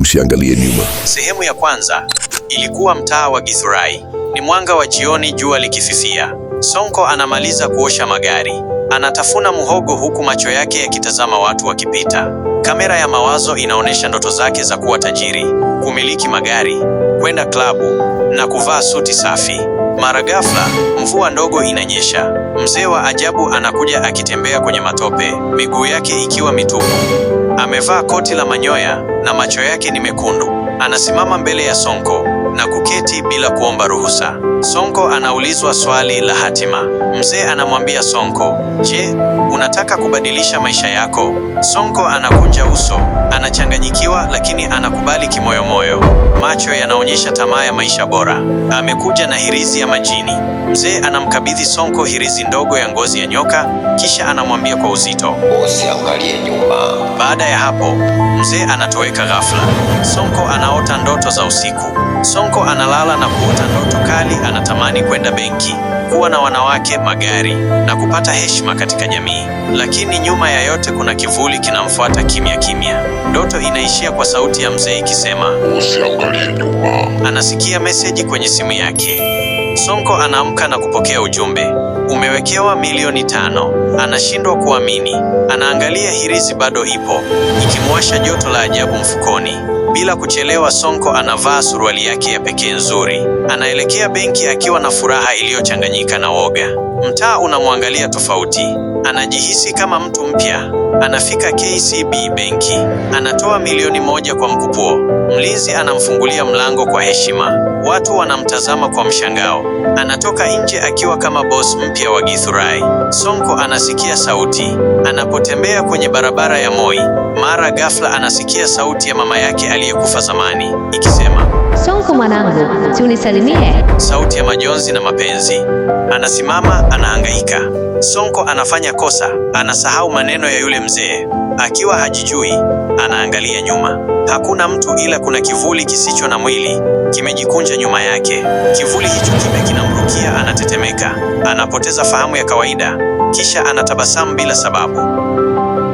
usiangalie nyuma. Sehemu ya kwanza ilikuwa mtaa wa Githurai. Ni mwanga wa jioni, jua likififia. Sonko anamaliza kuosha magari, anatafuna muhogo huku macho yake yakitazama watu wakipita. Kamera ya mawazo inaonyesha ndoto zake za kuwa tajiri, kumiliki magari, kwenda klabu na kuvaa suti safi. Mara ghafla, mvua ndogo inanyesha. Mzee wa ajabu anakuja akitembea kwenye matope, miguu yake ikiwa mitupu amevaa koti la manyoya na macho yake ni mekundu. Anasimama mbele ya Sonko na kuketi bila kuomba ruhusa. Sonko anaulizwa swali la hatima. Mzee anamwambia Sonko, "Je, unataka kubadilisha maisha yako?" Sonko anakunja uso, anachanganyikiwa lakini anakubali kimoyomoyo macho yanaonyesha tamaa ya maisha bora. Amekuja na hirizi ya majini. Mzee anamkabidhi Sonko hirizi ndogo ya ngozi ya nyoka, kisha anamwambia kwa uzito, usiangalie nyuma. Baada ya hapo, mzee anatoweka ghafla. Sonko anaota ndoto za usiku. Sonko analala na kuota ndoto kali, anatamani kwenda benki, kuwa na wanawake, magari na kupata heshima katika jamii. Lakini nyuma ya yote kuna kivuli kinamfuata kimya kimya. Ndoto inaishia kwa sauti ya mzee ikisema, usiangalie Anasikia meseji kwenye simu yake. Sonko anaamka na kupokea ujumbe, umewekewa milioni tano. Anashindwa kuamini, anaangalia hirizi bado ipo, ikimwasha joto la ajabu mfukoni. Bila kuchelewa, Sonko anavaa suruali yake ya pekee nzuri, anaelekea benki akiwa na furaha iliyochanganyika na woga. Mtaa unamwangalia tofauti, anajihisi kama mtu mpya. Anafika KCB benki, anatoa milioni moja kwa mkupuo. Mlinzi anamfungulia mlango kwa heshima, watu wanamtazama kwa mshangao. Anatoka nje akiwa kama boss mpya wa Githurai. Sonko anasikia sauti anapotembea kwenye barabara ya Moi. Mara ghafla anasikia sauti ya mama yake aliyekufa zamani ikisema, Sonko mwanangu, tunisalimie. Sauti ya majonzi na mapenzi. Anasimama, anahangaika. Sonko anafanya kosa, anasahau maneno ya yule mzee. Akiwa hajijui, anaangalia nyuma. Hakuna mtu, ila kuna kivuli kisicho na mwili kimejikunja nyuma yake. Kivuli hicho kime kinamrukia, anatetemeka, anapoteza fahamu ya kawaida, kisha anatabasamu bila sababu.